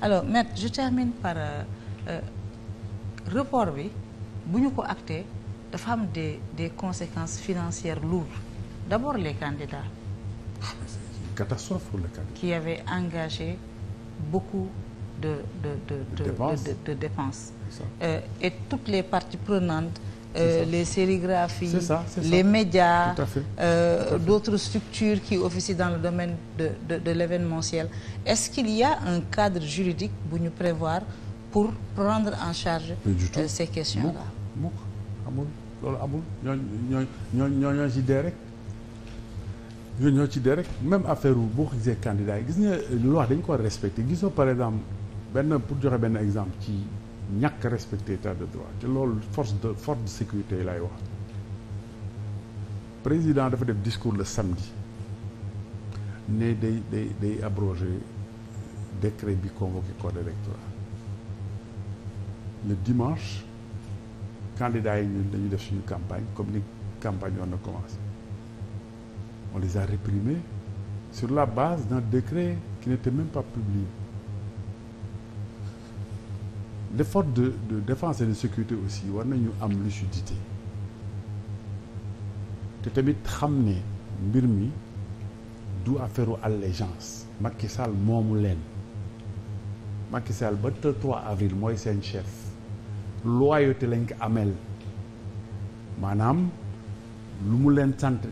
alors maître je termine par euh, euh report bi bu ñu ko acté dafa am des des conséquences financières lourdes d'abord les candidats. c'est une catastrophe pour qui avait engagé beaucoup de de de de de, de, de dépenses. Euh, et toutes les parties prenantes. Euh, les sérigraphies, les médias, euh, d'autres structures qui officient dans le domaine de, de, de l'événementiel. Est-ce qu'il y a un cadre juridique pour nous prévoir pour prendre en charge euh, ces questions-là Même affaire wu gis où vous dañ vous respecter. Par exemple, pour donner benn exemple, ñàkk respecter état de droit te loolu force de force de sécurité yi lay wax président dafa def discours le samedi ne day day day abroger décret bi convoqué code électoral le dimanche candidats yi ñun dañu def suñu campagne comme ni campagne woon na commencé on les a réprimés sur la base d'un décret qui n'était même pas publié les de de défense sécurité aussi war nañu am lucidité te tamit xam ne mbir mi du affaire allégeance Macky Sall moomu leen Macky Sall ba 3 avril mooy seen chef loyauté lañ ko ameel maanaam lu mu leen sant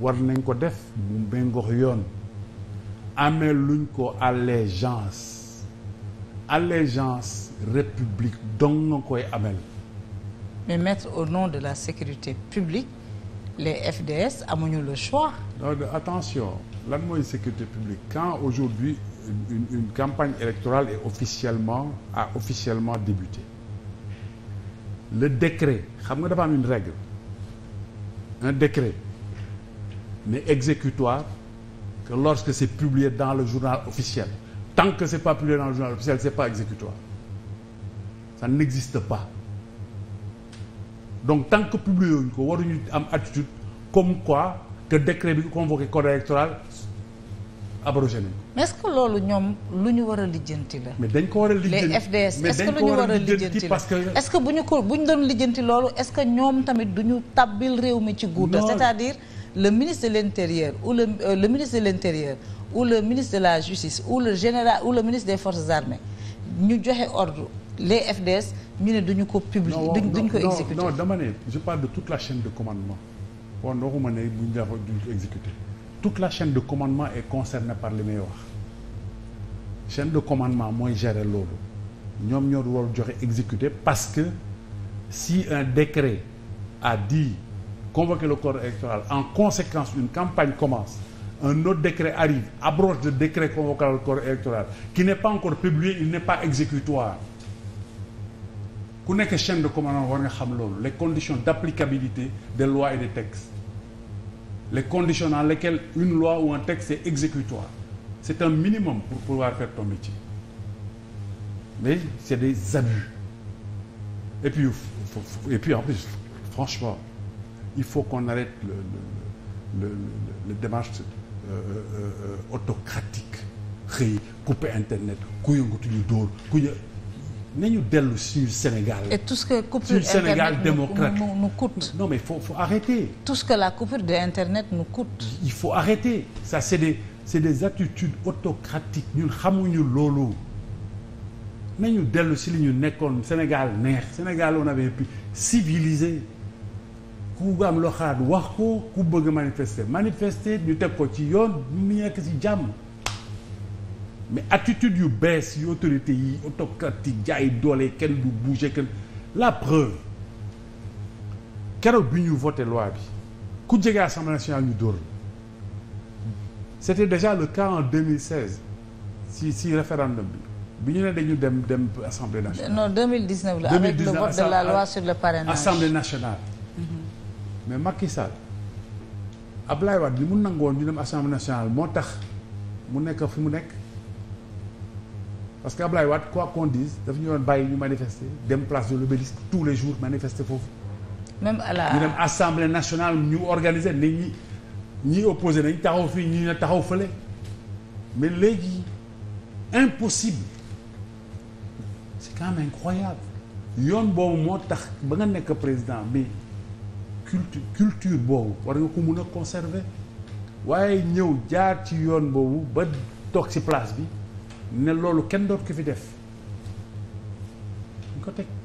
war nañ ko def mu méngoo yoon ameel luñ ko allégeance allégeance république donc nga koy amel mais maître au nom de la sécurité publique les FDS amuñu le choix non attention lan mooy sécurité publique quand aujourd'hui une, une campagne électorale est officiellement a officiellement débuté le décret xam nga dafa am une règle un décret n'est exécutoire que lorsque c'est publié dans le journal officiel tant que c'est pas publié dans le journal officiel c'est pas exécutoire ça n'existe pas donc tant que publié wuñ ko waruñu am attitude comme quoi que décret bi convoqué corps électoral abrogé nañ mais est-ce que loolu ñoom lu ñu war a lijjanti la. mais dañ ko war a lijjanti les FDS est-ce que lu ñu war la est-ce que bu ñu ko bu ñu doon lijjanti loolu est-ce que ñoom tamit du ñu tàbbil réew mi ci guuta c'est-à-dire le ministre de l'intérieur ou le euh, le ministre de le ministre la justice ou le général ou le ministre des forces armées ñu joxe ordre. les FDS ñu ne duñu ko de duñ ko exécuter non dama je parle de toute la chaîne de commandement wan waxuma ne buñ dafa duñ ko de commandement est concernée par li may wax chaîne de commandement mooy gérer loolu ñoom ñoo war joxe exécuter parce que si un décret a dit convoquer le corps électoral en conséquence une campagne commence un autre décret arrive abroge le décret convoquant le corps électoral qui n'est pas encore publié il n'est pas exécutoire ku nekk chaîne de commandement war nga xam loolu les conditions d'applicabilité des lois et des textes les conditions dans lesquelles une loi ou un texte est exécutoire c'est un minimum pour pouvoir faire ton métier mais c'est des abus et puis en plus franchement il faut qu'on arrête le le le démarche euh, euh, euh, autocratique xëy couper internet ku yëngatuñu dóor ku nañu dellu suñu Sénégal. et tout ce que coupure internet Sénégal démocrate nous, nous, nous coûte. non mais faut faut arrêter. tout ce que la coupure de internet nous coûte. il faut arrêter ça c'est des c'est des attitudes autocratiques ñun xamuñu loolu nañu dellu si li ñu nekkoon Sénégal neex Sénégal on avait pu civiliser ku am loo xalaat wax ko ku bëgg manifester manifester ñu teg ko ci yoon ñu nekk si jàmm. mais attitude yu bees yu autorité yi autocratique jaay doole kenn du bouger kenn la preuve keroog bi ñu voté loi bi ku jege assemblée nationale ñu dóor c'était déjà le cas en si si référendum bi bi ñu ne dañu dem dem assemblée nationale. non 2019 la avec le vote de la loi sur le parrainage assemblée nationale. Mm-hmm. mais Macky Sall Abdoulaye Wade li mu nangoon ñu dem assemblée nationale moo tax mu nekk fi mu nekk. parce que Ablaye waat quoi qu'on dise daf ñu doon bàyyi ñu manifester dem place de l'obélisque tous les jours manifester foofu. même à la ñu dem assemblée nationale ñu organiser nit ñi ñi opposé nañ taxaw fii ñi na taxaw fale mais léegi impossible c'est quand même incroyable yoon boobu moo tax ba nga nekk président mais culture culture boobu war nga ko mun a conserver waaye ñëw jaar ci yoon boobu ba toog ci place bi. ne loolu kenn doot ki fi def ñu ko teg